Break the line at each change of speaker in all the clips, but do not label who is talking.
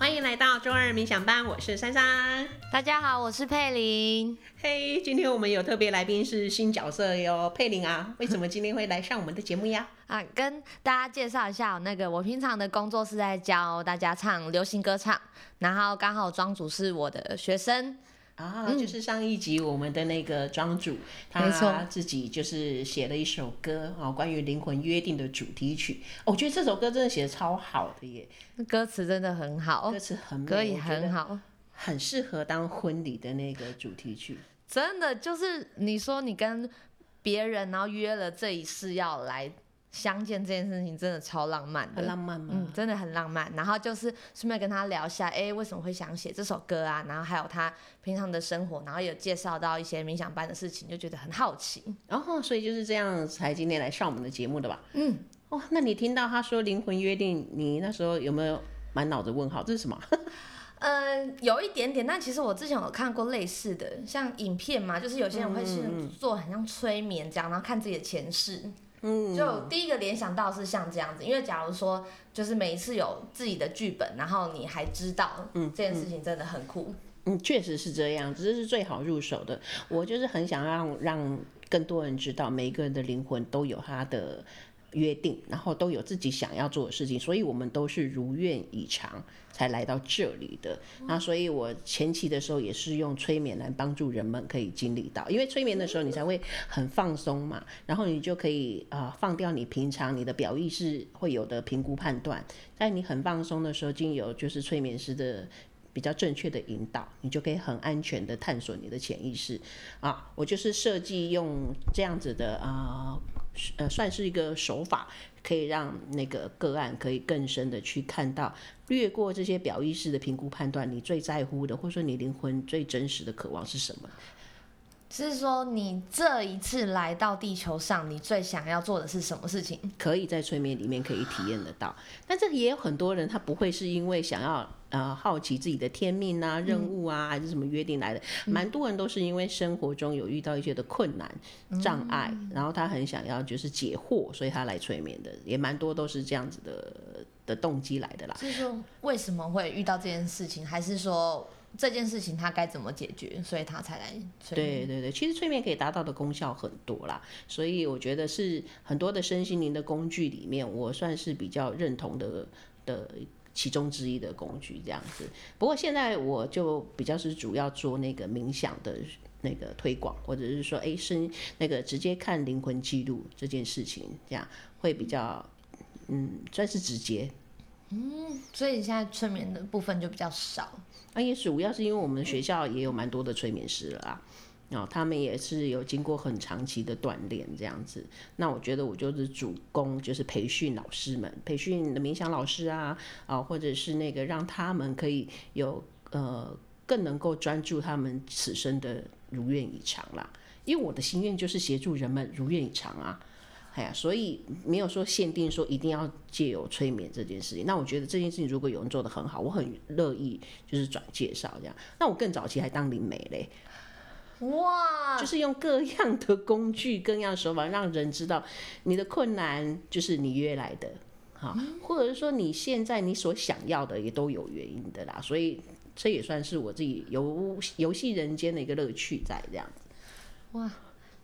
歡迎來到週二冥想班，我是珊珊。
大家好，我是佩玲。嘿，hey，今天我們有特別來賓是新角色喲，佩玲啊，為什麼今天會來上我們的節目呀？
啊，跟大家介紹一下，那個我平常的工作是在教大家唱流行歌唱，然後剛好莊主是我的學生。啊，就是
上一集我們的那個莊主，嗯、他自己就是寫了一首歌啊，哦，關於靈魂約定的主題曲。我覺得這首歌真的寫的超好的耶，歌詞真的很好，歌詞很美，可以很好，很適合當婚禮的那個主題曲。真
的就是你說你跟別人然後約了這一世要來相見這件事情真的超浪漫的，很浪漫，嗯，真的很浪漫。然後就是順便跟他聊一下，哎、欸，為什麼會想寫這首歌啊？然後還有他平常的生活，然後有介紹到一些冥想班的事情，就覺得很好奇。
然後、哦、所以就是這樣才今天來上我們的節目的吧？嗯，哇、哦，那你聽到他說“靈魂約定”，你那時候有沒有滿腦子問號？這是什麼？嗯
呃，有一點點。但其實我之前有看過類似的，像影片嘛，就是有些人會是做很像催眠這樣，嗯、然後看自己的前世。就第一個聯想到是像這樣子，因為假如說就是每一次有自己的劇本，然後你還知道這件事情真的很酷，
嗯，嗯、嗯、確實是這樣，這是最好入手的。我就是很想讓讓更多人知道，每一個人的靈魂都有他的約定，然後都有自己想要做的事情，所以我們都是如願以償才來到這裡的。那所以我前期的時候也是用催眠來幫助人們可以經歷到，因為催眠的時候你才會很放鬆嘛，然後你就可以啊、呃、放掉你平常你的表意識會有的評估判斷，在你很放鬆的時候，經由就是催眠師的比較正確的引導，你就可以很安全的探索你的潛意識。啊，我就是設計用這樣子的啊。呃呃，算是一個手法，可以讓那個個案可以更深的去看到，略過這些表意識的評估判斷，你最在乎的，或者說你靈魂最真實的渴望是什麼？就
是說，你這一次來到地球上，你最想要做的是什麼事情？
可以在催眠裡面可以體驗得到，但這個也有很多人，他不會是因為想要。呃，好奇自己的天命啊、任務啊，還是什麼約定來的，嗯、蠻多人都是因為生活中有遇到一些的困難障礙，嗯、然後他很想要就是解惑，所以他來催眠的，也蠻多都是這樣子的的動機來的啦。所
以說，為什麼會遇到這件事情，還是說這件事情他該怎麼解決，所以他才來催眠。對
對對，其實催眠可以達到的功效很多啦，所以我覺得是很多的身心靈的工具裡面，我算是比較認同的的其中之一的工具這樣子，不過現在我就比較是主要做那個冥想的那個推廣，或者是說，哎、欸，是那個直接看靈魂記錄這件事情，這樣會比較，嗯，算是直接。
嗯，所以現在催眠的部分就比較少。
那也是主要是因為我們學校也有蠻多的催眠師了啊。然後、哦、他們也是有經過很長期的鍛鍊這樣子，那我覺得我就是主攻就是培訓老師們，培訓的冥想老師啊，啊、哦、或者是那個讓他們可以有呃更能夠專注他們此生的如願以償啦。因為我的心願就是協助人們如願以償啊，哎呀，所以沒有說限定說一定要借由催眠這件事情。那我覺得這件事情如果有人做得很好，我很樂意就是轉介紹這樣。那我更早期還當靈媒嘞。哇，就是用各樣的工具、各樣的手法，讓人知道你的困難就是你約來的，哈、嗯，或者是說你現在你所想要的也都有原因的啦，所以這也算是我自己遊遊戲人間的一個樂趣在這樣。
哇，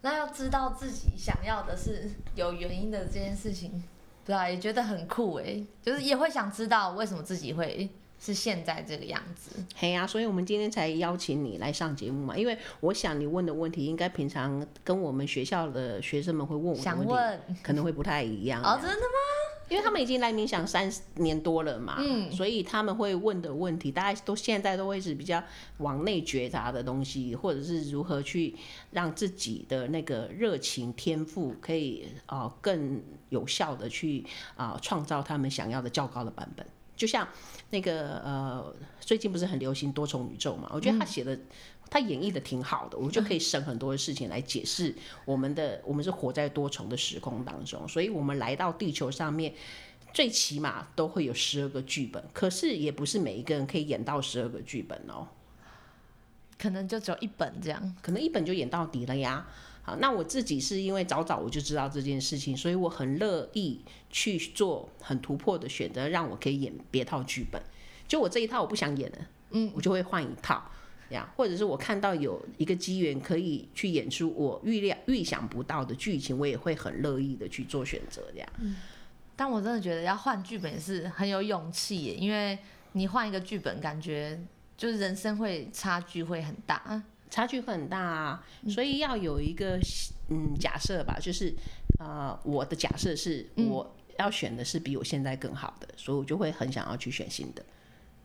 那要知道自己想要的是有原因的這件事情，對啊，也覺得很酷誒、欸。就是也會想知道為什麼自己會。是現在這個樣子。
嘿呀、啊，所以我們今天才邀請你來上節目嘛，因為我想你問的問題，應該平常跟我們學校的學生們會問我的問題，想問可能會不太一樣，這樣子。 哦，真的嗎？因為他們已經來冥想三年多了嘛，嗯，所以他們會問的問題，大家都現在都會是比較往內覺察的東西，或者是如何去讓自己的那個熱情、天賦，可以啊、呃、更有效的去啊呃、創造他們想要的較高的版本。就像那個呃，最近不是很流行多重宇宙嘛？我覺得他寫的，嗯、他演繹的挺好的，我們就可以省很多的事情來解釋我們的，嗯、我們是活在多重的時空當中，所以我們來到地球上面，最起碼都會有十二個劇本，可是也不是每一個人可以演到十二個劇本哦、喔，可能就只有一本這樣，可能一本就演到底了呀。好，那我自己是因為早早我就知道這件事情，所以我很樂意去做很突破的選擇，讓我可以演別套劇本。就我這一套我不想演了，嗯，我就會換一套，這樣。或者是我看到有一個機緣可以去演出我預料預想不到的劇情，我也會很樂意的去做選擇這樣，
嗯。但我真的覺得要換劇本也是很有勇氣耶，因為你換一個劇
本，感覺就是人生會差距會很大。差距很大啊，嗯、所以要有一個嗯假設吧，就是呃我的假設是我要選的是比我現在更好的，嗯、所以我就會很想要去選新的。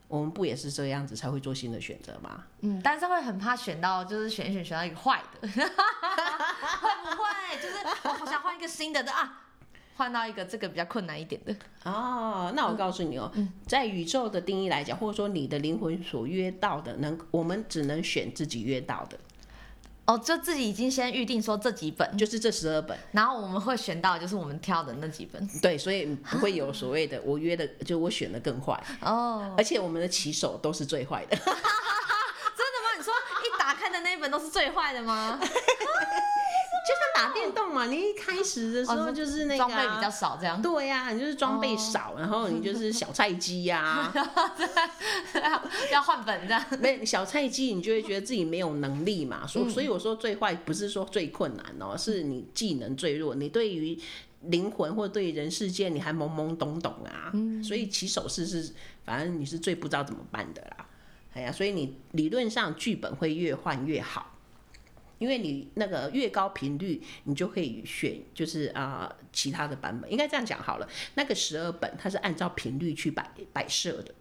我們不也是這樣子才會做新的選擇嗎？
嗯，但是會很怕選到就是選一選選到一個壞的， 會不會就是我好想換一個新的的啊？
換到一個這個比較困難一點的哦。那我告訴你哦，嗯嗯、在宇宙的定義來講，或者說你的靈魂所約到的能，能我們只能選自己約到的。哦，就
自己已經先預定說這幾本，嗯、就是這十二本，然後我們會選到，就是我們挑的那幾本。
對，所以不會有所謂的我約的哈就我選的更壞哦。而且我們的起手都是最壞的。
真的嗎？你說一打開的那一本都是最壞的嗎？
就像打電動嘛，oh. 你一開始的時候就是裝、啊、備比較少這樣。對呀、啊，你就是裝備少，oh. 然後你就是小菜雞呀、啊， 要換本這樣。沒小菜雞，你就會覺得自己沒有能力嘛。所所以我說最壞不是說最困難哦、喔，嗯、是你技能最弱，你對於靈魂或對於人世間你還懵懵懂懂啊。嗯、所以起手式是，反正你是最不知道怎麼辦的啦。哎呀、啊，所以你理論上劇本會越換越好。因為你那個越高頻率，你就可以選，就是啊、呃，其他的版本應該這樣講好了。那個十二本它是按照頻率去擺擺設的，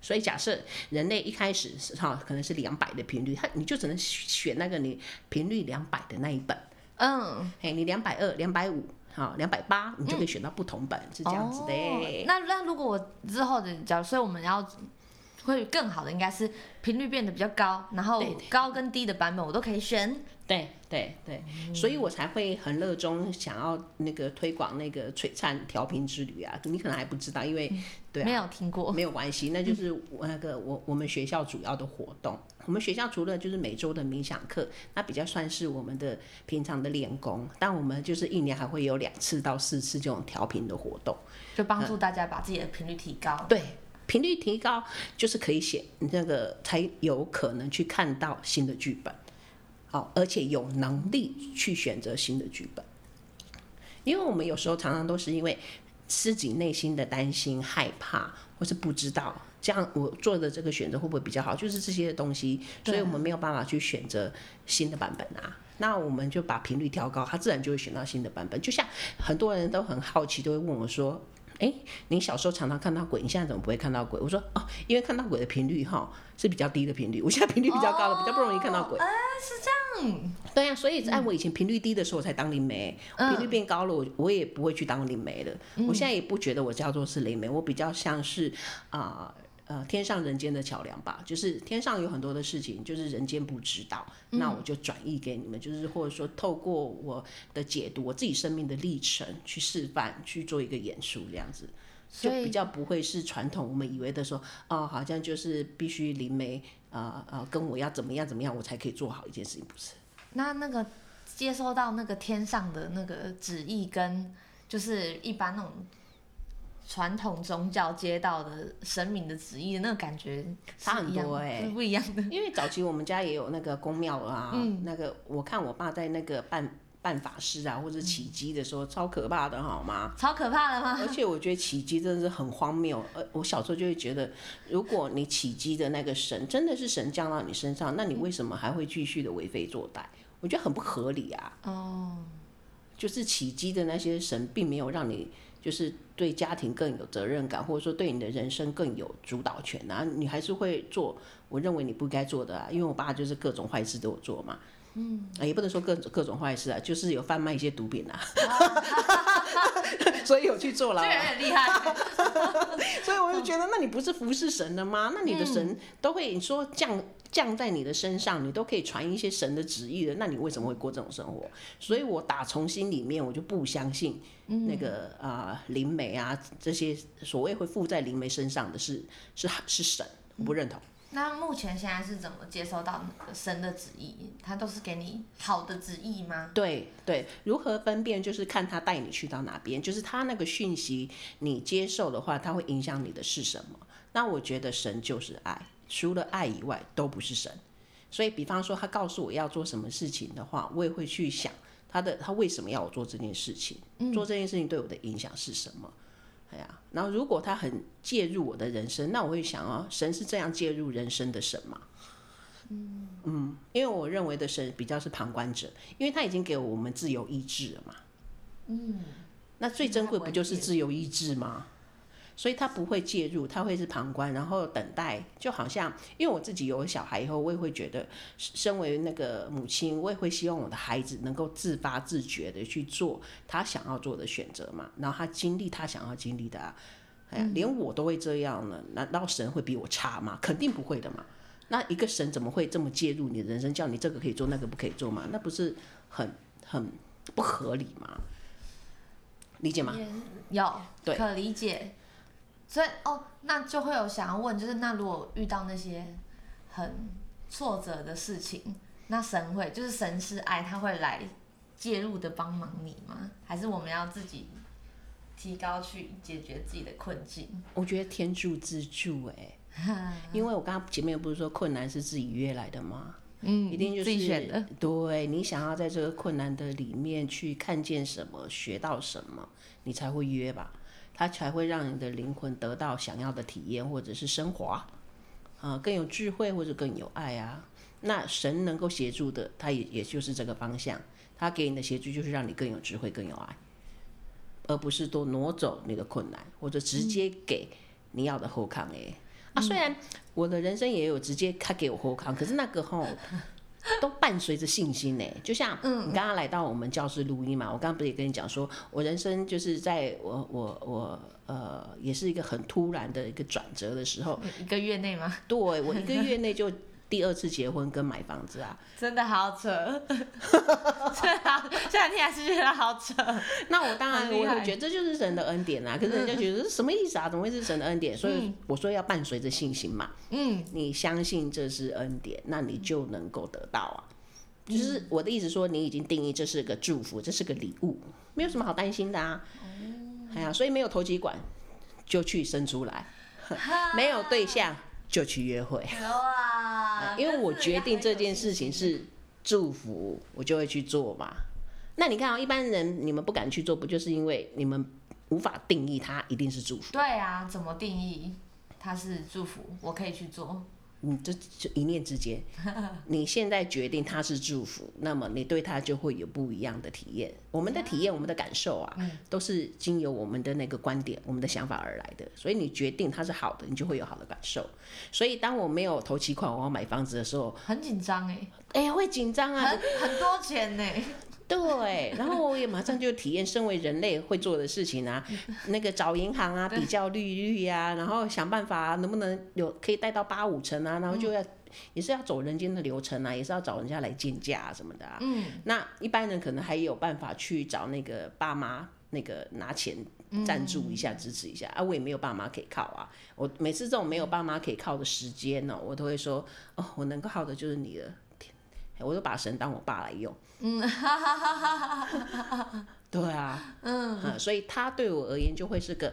所以假設人類一開始哈、哦，可能是兩百的頻率，它你就只能選那個你頻率兩百的那一本。嗯，哎、hey, 哦，你兩百二、兩百五、哈，兩百八，你就可以選到不同本，嗯、是這樣子的、欸。那、
哦、那如果我之後的，假設我們要。會更好的應該是頻率變得比較高，然後高跟低的版本我都可以選。對對對，
對對對，嗯、所以我才會很熱衷想要那個推廣那個璀璨調頻之旅啊！你可能還不知道，因為對、啊、沒有聽過，沒有關係，那就是我那個我我們學校主要的活動。 我們學校除了就是每周的冥想課，那比較算是我們的平常的練功，但我們就是一年還會有兩次到四次這種調頻的活動，
就幫助大家把自己的頻率提高。嗯、對。
頻率提高，就是可以寫那個才有可能去看到新的劇本，好、哦，而且有能力去選擇新的劇本。因為我們有時候常常都是因為自己內心的擔心、害怕，或是不知道這樣我做的這個選擇會不會比較好，就是這些東西，對所以我們沒有辦法去選擇新的版本啊。那我們就把頻率調高，它自然就會選到新的版本。就像很多人都很好奇，都會問我說，哎，你小時候常常看到鬼，你現在怎麼不會看到鬼？我說哦，因為看到鬼的頻率哈、哦、是比較低的頻率，我現在頻率比較高了，哦、比較不容易看到鬼。啊、呃、
是這樣，
對呀、啊，所以在我以前頻率低的時候，我才當靈媒，嗯、頻率變高了，我我也不會去當靈媒了。嗯、我現在也不覺得我叫做是靈媒，我比較像是啊。呃呃，天上人間的橋樑吧，就是天上有很多的事情，就是人間不知道，嗯、那我就轉譯給你們，就是或者說透過我的解讀，我自己生命的歷程去示範去做一個演出。這樣子，所以就比較不會是傳統我們以為的說，哦、呃，好像就是必須靈媒啊啊跟我要怎麼樣怎麼樣，我才可以做好一件事情，不是？
那那個接收到那個天上的那個旨意，跟就是一般那種。傳統宗教接到的神明的旨意的那個感覺
差很多哎、欸，不一樣的。 因為早期我們家也有那個宮廟啊，嗯、那個我看我爸在那個辦辦法師啊或者起乩的時候，嗯、超可怕的好嗎？超可怕的嗎？而且我覺得起乩真的是很荒謬。呃，我小時候就會覺得，如果你起乩的那個神 真的是神降到你身上，那你為什麼還會繼續的為非作歹？我覺得很不合理啊。哦，就是起乩的那些神並沒有讓你。就是對家庭更有責任感，或者說對你的人生更有主導權啊！你還是會做我認為你不該做的啊！因為我爸就是各種壞事都有做嘛，嗯，也不能說各種各種壞事啊，就是有販賣一些毒品啊，啊 所以有去坐牢，雖然很厲害， 所以我就覺得，那你不是服侍神的嗎？那你的神都會、嗯、說降。降在你的身上，你都可以傳一些神的旨意的。那你為什麼會過這種生活？所以我打從心裡面我就不相信那個啊、嗯、呃、靈媒啊這些所謂會附在靈媒身上的是是是神，我不認同、
嗯。那目前現在是怎麼接收到那個神的旨意？他都是給你好的旨意嗎？
對對，如何分辨就是看他帶你去到哪邊，就是他那個訊息你接受的話，它會影響你的是什麼？那我覺得神就是愛。除了愛以外，都不是神。所以，比方說，他告訴我要做什麼事情的話，我也會去想他的他為什麼要我做這件事情，嗯、做這件事情對我的影響是什麼？哎呀，然後如果他很介入我的人生，那我會想啊，神是這樣介入人生的神嗎？嗯，嗯，因為我認為的神比較是旁觀者，因為他已經給我們自由意志了嘛。嗯，那最珍貴不就是自由意志嗎？嗯嗯所以他不會介入，他會是旁觀，然後等待。就好像，因為我自己有了小孩以後，我也會覺得，身為那個母親，我也會希望我的孩子能夠自發自覺的去做他想要做的選擇嘛，然後他經歷他想要經歷的，啊。哎呀，連我都會這樣了，難道神會比我差嗎？肯定不會的嘛。那一個神怎麼會這麼介入你的人生，叫你這個可以做，那個不可以做嗎？那不是很很不合理嗎？理解嗎？有，
對，可理解。所以哦，那就會有想要問，就是那如果遇到那些很挫折的事情，那神會就是神是愛，他會來介入的幫忙你嗎？還是我們要自己提高去解決自己的困境？
我覺得天助自助哎， 因為我剛剛前面不是說困難是自己約來的嗎？嗯，
一定就是選，
對，你想要在這個困難的裡面去看見什麼、學到什麼，你才會約吧。它才會讓你的靈魂得到想要的體驗，或者是昇華、啊，啊、呃，更有智慧或者更有愛啊。那神能夠協助的，它也也就是這個方向。他給你的協助就是讓你更有智慧、更有愛，而不是都挪走你的困難，或者直接給你要的好康、欸。誒、嗯、啊，嗯、雖然我的人生也有直接他給我好康，可是那個吼。 都伴隨着信心呢、欸，就像你剛剛來到我們教室錄音嘛，我剛剛不是也跟你講說，我人生就是在我我我呃，也是一個很突然的一個轉折的時候，一個月內嗎？ 對我一個月內就。第二次結婚跟買房子啊，
真的好扯，
這 好這兩天還是覺得好扯。 那我當然我也覺得這就是神的恩典啊。可是人家覺得這是什麼意思啊？嗯、怎麼會是神的恩典？所以我說要伴隨着信心嘛，嗯，你相信這是恩典，那你就能夠得到啊。嗯、就是我的意思說，你已經定義這是個祝福，這是個禮物，沒有什麼好擔心的啊。嗯、哎呀，所以沒有投機管，就去生出來； 沒有對象，就去約會。啊 因為我決定這件事情是祝福，我就會去做嘛。那你看啊，一般人你們不敢去做，不就是因為你們無法定義它一定是祝福？
對啊，怎麼定義它是祝福？我可以去做。
你這就一念之間，你現在決定他是祝福，那麼你對他就會有不一樣的體驗。我們的體驗，我們的感受啊，都是經由我們的那個觀點、我們的想法而來的。所以你決定他是好的，你就會有好的感受。所以當我沒有頭期款我要買房子的時候，很
緊張哎，哎、欸、會緊張啊，很不很多錢呢、欸。
對，然後我也馬上就體驗身為人類會做的事情啊， 那個找銀行啊，比較利率呀，然後想辦法、啊、能不能有可以貸到八五成啊，然後就要、嗯、也是要走人間的流程啊，也是要找人家來鑑價、啊、什麼的啊。嗯、那一般人可能還有辦法去找那個爸媽那個拿錢贊助一下、嗯、支持一下啊，我也沒有爸媽可以靠啊。我每次這種沒有爸媽可以靠的時間呢、哦，我都會說哦，我能夠靠的就是你了。我都把神當我爸來用，嗯，哈對啊，嗯，嗯，所以他對我而言就會是個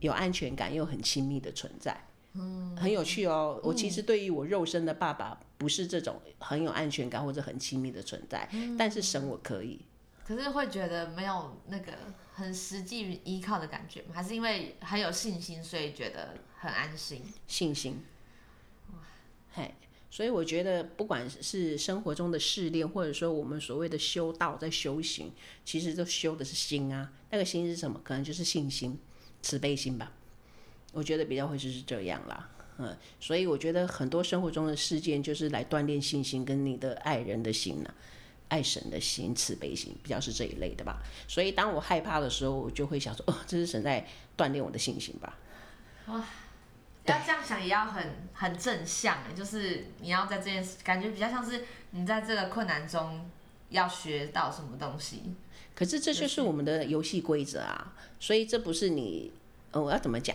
有安全感又很親密的存在，嗯，很有趣哦。嗯、我其實對於我肉身的爸爸不是這種很有安全感或者很親密的存在，嗯、但是神我可以。
可是會覺得沒有那個很實際依靠的感覺嗎？還是因為很有信心，所以覺得很安心？
信心，嘿。所以我覺得，不管是生活中的試煉，或者說我們所謂的修道在修行，其實都修的是心啊。那個心是什麼？可能就是信心、慈悲心吧。我覺得比較會就是這樣啦，嗯。所以我覺得很多生活中的事件，就是來鍛煉信心跟你的愛人的心吶、啊，愛神的心、慈悲心，比較是這一類的吧。所以當我害怕的時候，我就會想說：哦，這是神在鍛煉我的信心吧。
啊要這樣想也要很很正向，就是你要在這件事感覺比較像是你在這個困難中要學到什麼東西。
可是這就是我們的遊戲規則啊，就是、所以這不是你，呃、哦，我要怎麼講？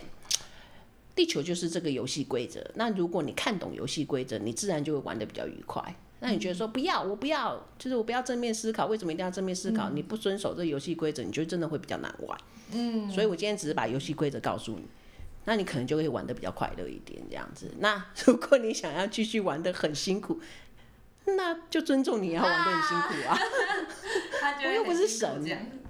地球就是這個遊戲規則。那如果你看懂遊戲規則，你自然就會玩得比較愉快。那你覺得說、嗯、不要，我不要，就是我不要正面思考，為什麼一定要正面思考？嗯、你不遵守這遊戲規則，你覺得真的會比較難玩。嗯，所以我今天只是把遊戲規則告訴你。那你可能就會玩得比較快樂一點，這樣子。那如果你想要繼續玩得很辛苦，那就尊重你要玩得很辛苦啊。啊 苦我又不是神，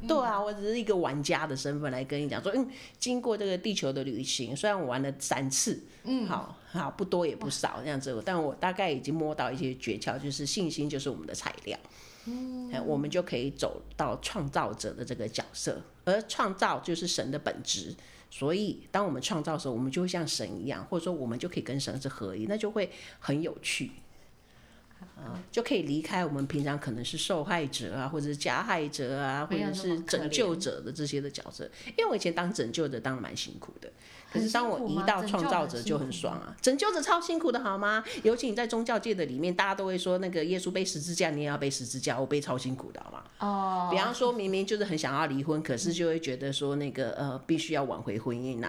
對啊，我只是一個玩家的身份來跟你講說，嗯，經過這個地球的旅行，雖然我玩了三次，嗯，好，好，不多也不少，這樣子，嗯、但我大概已經摸到一些訣竅，就是信心就是我們的材料，嗯，我們就可以走到創造者的這個角色，而創造就是神的本質。所以，當我們創造的時候，我們就會像神一樣，或者說我們就可以跟神是合一，那就會很有趣啊，呃嗯、就可以離開我們平常可能是受害者啊，或者是加害者啊，或者是拯救者的這些的角色。因為我以前當拯救者當得蠻辛苦的，可是當我一到創造者就很爽啊，拯救，拯救者超辛苦的好嗎？尤其你在宗教界的裡面，大家都會說那個耶穌背十字架，你也要背十字架，我背超辛苦的，好嗎？比方說，明明就是很想要離婚，可是就會覺得說那個呃，必須要挽回婚姻吶。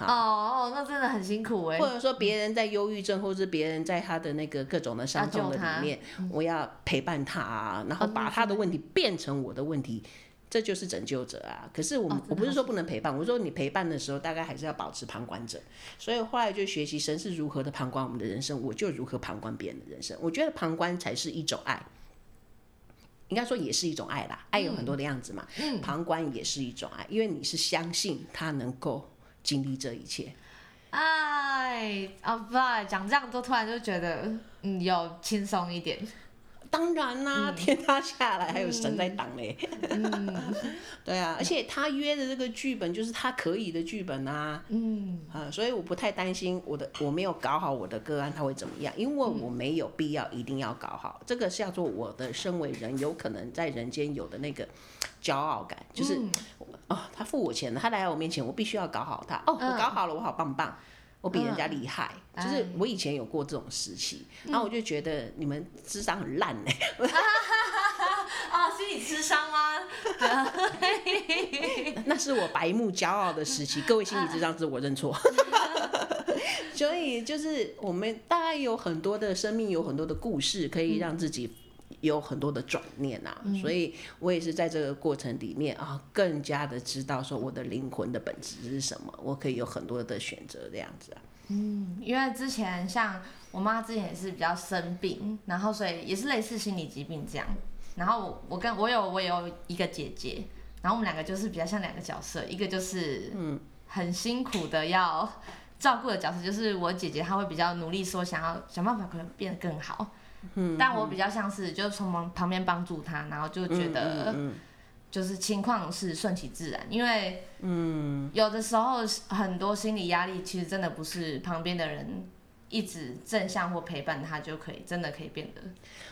哦哦，那真的很辛苦誒。或者說別人在憂鬱症，或是別人在他的那個各種的傷痛的裡面，我要陪伴他啊，然後把他的問題變成我的問題，這就是拯救者啊。可是我們我不是說不能陪伴，我說你陪伴的時候，大概還是要保持旁觀者。所以後來就學習神是如何的旁觀我們的人生，我就如何旁觀別人的人生。我覺得旁觀才是一種愛。應該說也是一種愛啦，愛有很多的樣子嘛。嗯，旁觀也是一種愛，嗯，因為你是相信他能夠經歷這一切。
哎，啊，不講這樣都突然就覺得嗯，有輕鬆一點。當然啦、啊，嗯、天塌下
來還有神在擋嘞。嗯嗯、 對啊，而且他約的這個劇本就是他可以的劇本吶、啊。
嗯，
啊、呃，所以我不太擔心我的我沒有搞好我的個案他會怎麼樣，因為我沒有必要一定要搞好，嗯、這個是要做我的身為人有可能在人間有的那個驕傲感，就是、嗯、哦，他付我錢了，他來到我面前，我必須要搞好他。哦，我搞好了，我好棒棒。嗯我比人家厲害，uh, 就是我以前有過這種時期，然後、哎啊、我就覺得你們智商很爛哎！
啊，心理智商嗎？
那是我白目驕傲的時期，各位心理智商是我認錯。 所以就是我們大概有很多的生命，有很多的故事，可以讓自己。有很多的轉念啊，嗯，所以我也是在這個過程裡面啊，更加的知道說我的靈魂的本質是什麼。我可以有很多的選擇這樣子啊。
嗯，因為之前像我媽之前也是比較生病，然後所以也是類似心理疾病這樣。然後我我跟我有我有一個姐姐，然後我們兩個就是比較像兩個角色，一個就是嗯很辛苦的要照顧的角色，就是我姐姐她會比較努力說想要想辦法可能變得更好。但我比較像是，就是從旁邊幫助他，嗯、然後就覺得，就是情況是順其自然，嗯、因為，嗯，有的時候很多心理壓力其實真的不是旁邊的人一直正向或陪伴他就可以，真的可以變得。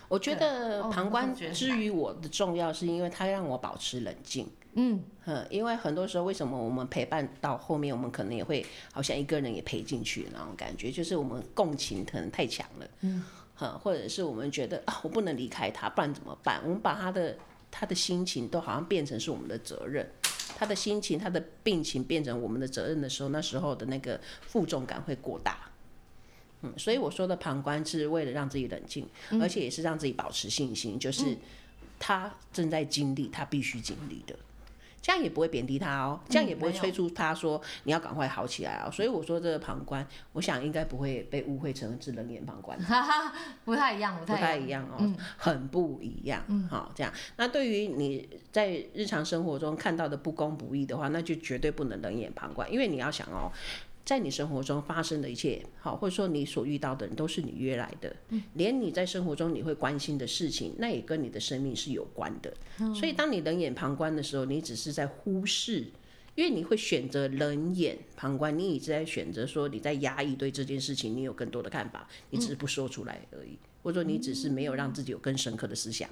我覺得旁觀
之於我的重要，是因為他讓我保持冷靜。嗯，因為很多時候，為什麼我們陪伴到後面，我們可能也會好像一個人也陪進去，那種感覺，就是我們共情可能太強
了。嗯。
嗯，或者是我們覺得啊、哦，我不能離開他，不然怎麼辦？我們把他的他的心情都好像變成是我們的責任，他的心情、他的病情變成我們的責任的時候，那時候的那個負重感會過大。嗯，所以我說的旁觀是為了讓自己冷靜，嗯，而且也是讓自己保持信心，就是他正在經歷，他必須經歷的。這樣也不會貶低他哦、喔，這樣也不會催促他說，你要趕快好起來哦、喔。嗯、所以我說這個旁觀，我想應該不會被誤會成是冷眼旁觀。
不太一樣，不太一樣哦，
很不一樣。好、嗯喔，這樣。那對於你在日常生活中看到的不公不義的話，那就絕對不能冷眼旁觀，因為你要想哦、喔。在你生活中發生的一切，好或者說你所遇到的人都是你約來的，連你在生活中你會關心的事情，那也跟你的生命是有關的。所以，當你冷眼旁觀的時候，你只是在忽視，因為你會選擇冷眼旁觀，你一直在選擇說你在壓抑對這件事情你有更多的看法，你只是不說出來而已，或者說你只是沒有讓自己有更深刻的思想。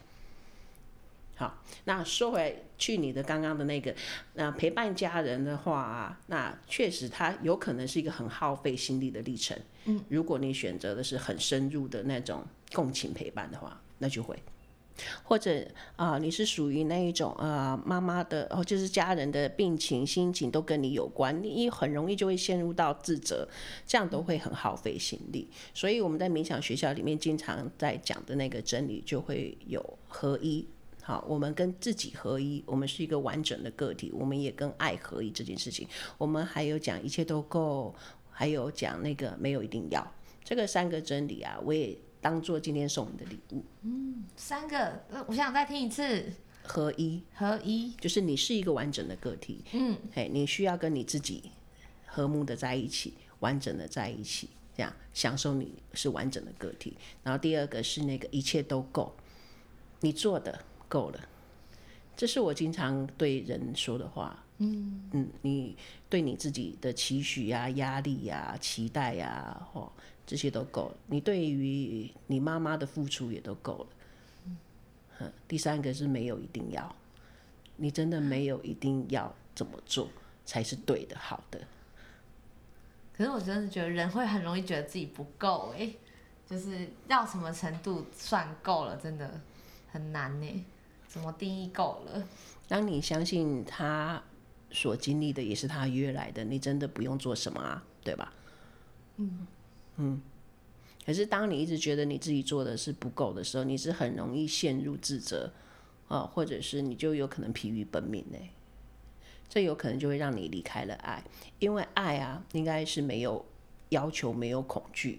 好，那說回去你的剛剛的那個，那陪伴家人的話，啊，那確實他有可能是一個很耗費心力的歷程。嗯，如果你選擇的是很深入的那種共情陪伴的話，那就會，或者啊，呃，你是屬於那一種啊，呃，媽媽的哦，就是家人的病情、心情都跟你有關，你一很容易就會陷入到自責，這樣都會很耗費心力。所以我們在冥想學校裡面經常在講的那個真理，就會有合一。好，我們跟自己合一，我們是一個完整的個體。我們也跟愛合一這件事情，我們還有講一切都夠，還有講那個沒有一定要這個三個真理啊，我也當做今天送你的禮物。嗯，
三個，我想再聽一次合一，
合一，合一就是你是一個完整的個體。嗯，嘿，hey, 你需要跟你自己和睦的在一起，完整的在一起，這樣享受你是完整的個體。然後第二個是那個一切都夠，你做的。夠了，這是我經常對人說的話。嗯，嗯，你對你自己的期許呀、啊、壓力呀、啊、期待呀、啊哦，這些都夠了。你對於你媽媽的付出也都夠了。嗯，嗯，第三個是沒有一定要，你真的沒有一定要怎麼做才是對的、好的。
可是我真的覺得人會很容易覺得自己不夠誒，就是要什麼程度算夠了，真的很難呢。怎麼
定義夠了？當你相信他所經歷的也是他約來的，你真的不用做什麼啊，對吧？嗯嗯。可是當你一直覺得你自己做的是不夠的時候，你是很容易陷入自責啊，或者是你就有可能疲於奔命呢。這有可能就會讓你離開了愛，因為愛啊，應該是沒有要求、沒有恐懼。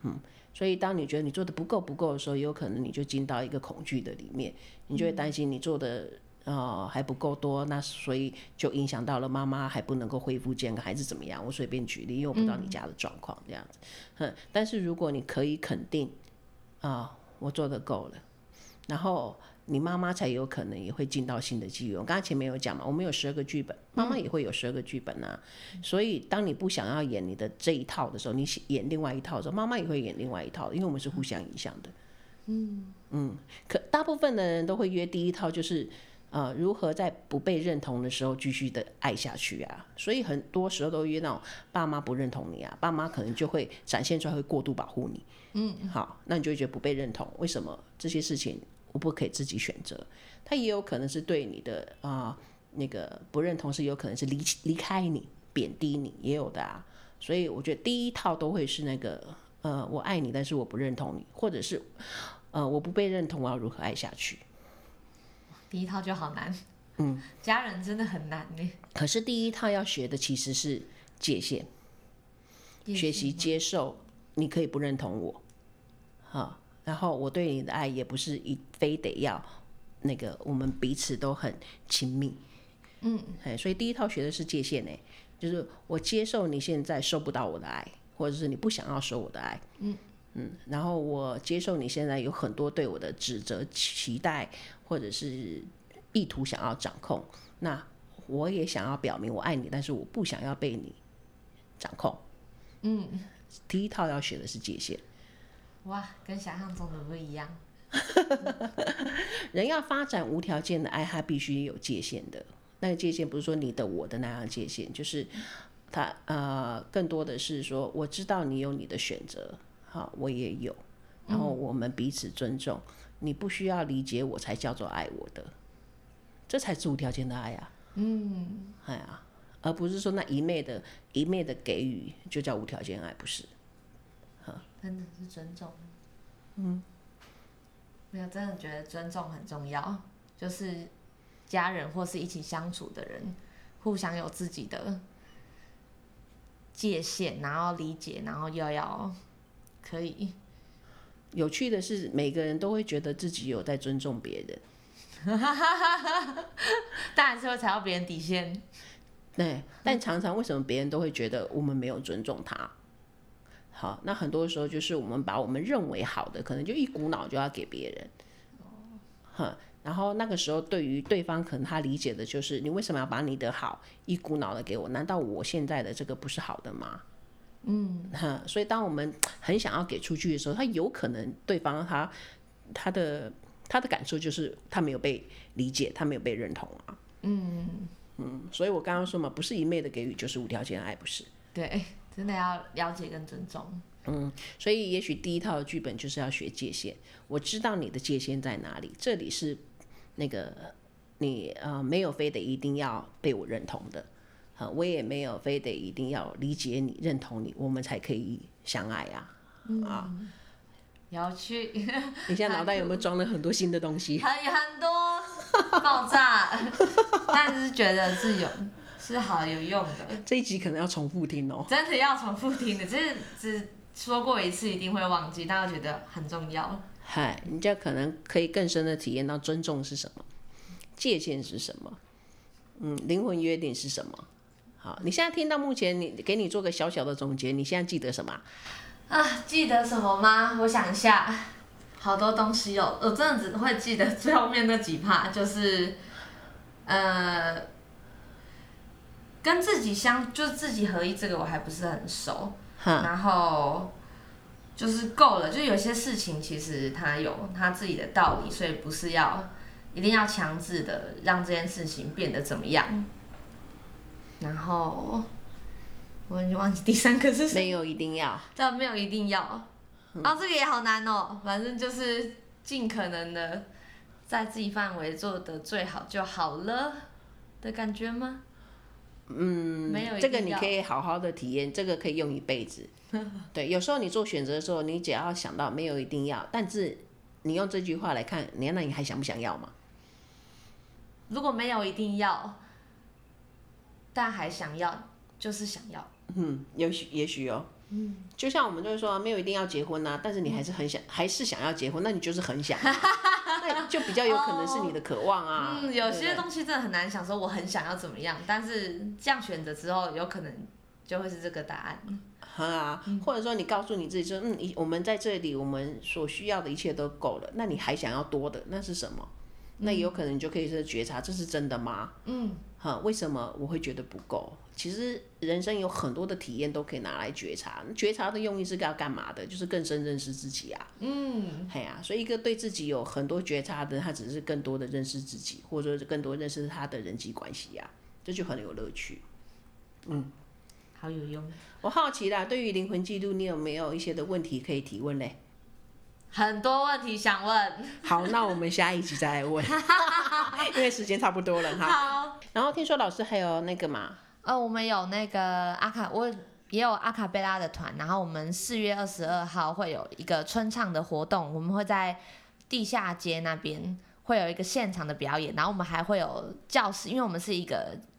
嗯。所以，當你覺得你做的不夠不夠的時候，有可能你就進到一個恐懼的裡面，你就會擔心你做的呃、嗯哦、還不夠多，那所以就影響到了媽媽還不能夠恢復健康，還是怎麼樣？我隨便舉例，因為我不知道你家的狀況這樣子，哼、嗯嗯。但是如果你可以肯定，啊、哦，我做的夠了，然後。你媽媽才有可能也會進到新的機緣。我剛剛前面有講嘛，我們有十二個劇本，媽媽也會有十二個劇本啊。嗯，所以，當你不想要演你的這一套的時候，你演另外一套的時候，媽媽也會演另外一套，因為我們是互相影響的。嗯嗯，可大部分的人都會約第一套，就是呃，如何在不被認同的時候繼續的愛下去啊。所以很多時候都約到爸媽不認同你啊，爸媽可能就會展現出來會過度保護你。嗯，好，那你就會覺得不被認同，為什麼這些事情？我不可以自己選擇，他也有可能是對你的啊，呃、那個不認同，是有可能是離離開你，貶低你，也有的啊。所以我覺得第一套都會是那個呃，我愛你，但是我不認同你，或者是呃，我不被認同，我要如何愛下去？
第一套就好難，嗯，家人真的很難。
可是第一套要學的其實是界限，學習接受你可以不認同我，好，啊。然後我對你的愛也不是一非得要那個，我們彼此都很親密，嗯，所以第一套學的是界限、欸，哎，就是我接受你現在收不到我的愛，或者是你不想要收我的愛，嗯嗯，然後我接受你現在有很多對我的指責、期待，或者是意圖想要掌控，那我也想要表明我愛你，但是我不想要被你掌控，嗯，第一套要學的是界限。
哇，跟想象中的不一樣。
人要發展無條件的愛，他必須有界限的。那個界限不是說你的、我的那樣的界限，就是他呃，更多的是說，我知道你有你的選擇，好，我也有，
然後我
們彼此尊重。嗯、你不需要理解我才叫做愛我的，這才是無條件的愛啊。嗯，哎呀、啊，而不是說那一昧的、一昧的給予就叫無條件愛，不是。
真的是尊重，嗯，沒有真的覺得尊重很重要，就是家人或是一起相處的人，互相有自己的界限，然後理解，然後又要，要
可以。有趣的是，每個人都會覺得自己有在尊重別人，
當然是會踩到別人底線，
對， 但常常為什麼別人都會覺得我們沒有尊重他？好，那很多時候就是我們把我們認為好的，可能就一股腦就要給別人。哼，然後那個時候，對於對方可能他理解的就是你為什麼要把你的好一股腦的給我？難道我現在的這個不是好的嗎？嗯，所以當我們很想要給出去的時候，他有可能對方他他的他的感受就是他沒有被理解，他沒有被認同啊。嗯嗯，所以我剛剛說嘛，不是一昧的給予，就是無條件愛，不是？
對。真的要了解跟尊重。嗯，
所以也許第一套的劇本就是要學界限。我知道你的界限在哪裡，這裡是那個你啊、呃，沒有非得一定要被我認同的、呃、我也沒有非得一定要理解你、認同你，我們才可以相愛呀啊。嗯、好不好？
要去？ 你現在腦袋有沒
有裝了很多新的東西？ 還
有很多，爆炸。
但是覺得是有。是好有用的，這一集可能要重複聽哦、喔。
真的要重複聽的，只、就是只說過一次一定會忘記，但我覺得很重要。
嗨，你就可能可以更深的體驗到尊重是什麼，界限是什麼，嗯，靈魂約定是什麼。好，你現在聽到目前你給你做個小小的總結，你現在記得什麼？啊，
記得什麼嗎？我想一下，好多東西有，我真的只會記得最後面那幾趴，就是，呃。跟自己相，就是自己合一，這個我還不是很熟。嗯、然後就是夠了，就有些事情其實它有它自己的道理，所以不是要一定要強制的讓這件事情變得怎麼樣。嗯、然後我已經忘記第三個是什麼，沒有一定要，這沒有一定要。啊、嗯哦，這個也好難哦，反正就是盡可能的在自己範圍做的最好就好了的感覺嗎？
嗯，沒有一定要。這個你可以好好的體驗，這個可以用一輩子。對，有時候你做選擇的時候，你只要想到沒有一定要，但是你用這句話來看，你看那你還想不想要嗎？
如果沒有一定要，但還想要，就是想
要。嗯，也許也許哦。嗯，就像我們就是說沒有一定要結婚吶，啊，但是你還是很想，還是想要結婚，那你就是很想。 就比較有可能是你的渴望啊。 嗯，有些東
西真的很難想，說我很想要怎麼樣， 但是這樣選擇之後，有可能就會是這個答案。嗯，
啊，或者說你告訴你自己說，嗯，我們在這裡，我們所需要的一切都夠了，那你還想要多的，那是什麼？嗯，那有可能你就可以是覺察，這是真的嗎？嗯。嗯啊，為什麼我會覺得不夠？其實人生有很多的體驗都可以拿來覺察，覺察的用意是要幹嘛的？就是更深認識自己啊，嗯，對啊，所以一個對自己有很多覺察的，他只是更多的認識自己，或者是更多認識他的人際關係呀、啊，這就很有樂趣。嗯，好有用。我好奇啦，對於靈魂記錄，你有沒有一些的問題可以提問嘞？很多問題想問。好，那我們下一集再來問， 因為時間差不多了哈。好，好，然後聽說老師還有那個嘛，
呃，我們有那個阿卡，我也有阿卡貝拉的團，然後我們四月二十二號會有一個春唱的活動，我們會在地下街那邊會有一個現場的表演，然後我們還會有教室，因為我們是一個。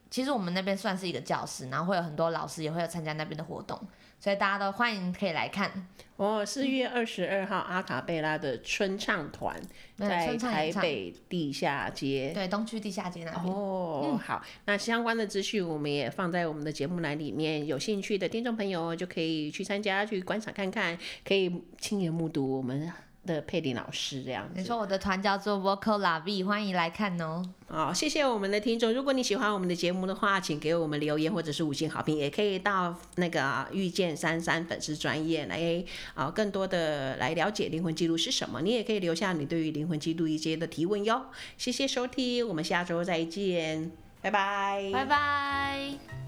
其實我們那邊算是一個教室，然後會有很多老師，也會有參加那邊的活動，所以大家都歡迎可以來看。
哦，四月二十二號、嗯、阿卡貝拉的春唱團在台北地下街、嗯唱唱，對，
東區地下街那邊。哦、嗯、
好，那相關的資訊我們也放在我們的節目欄裡面，有興趣的聽眾朋友就可以去參加，去觀賞看看，可以親眼目睹我們，的佩林老師這樣子，你說
我的團叫做 Vocal la vie 歡迎來看哦。
好、哦，謝謝我們的聽眾，如果你喜歡我們的節目的話，請給我們留言或者是五星好評，也可以到那個遇見三三粉絲專頁來啊、哦，更多的來了解靈魂記錄是什麼。你也可以留下你對於靈魂記錄一些的提問喲。謝謝收聽，我們下周再見，拜拜，拜拜。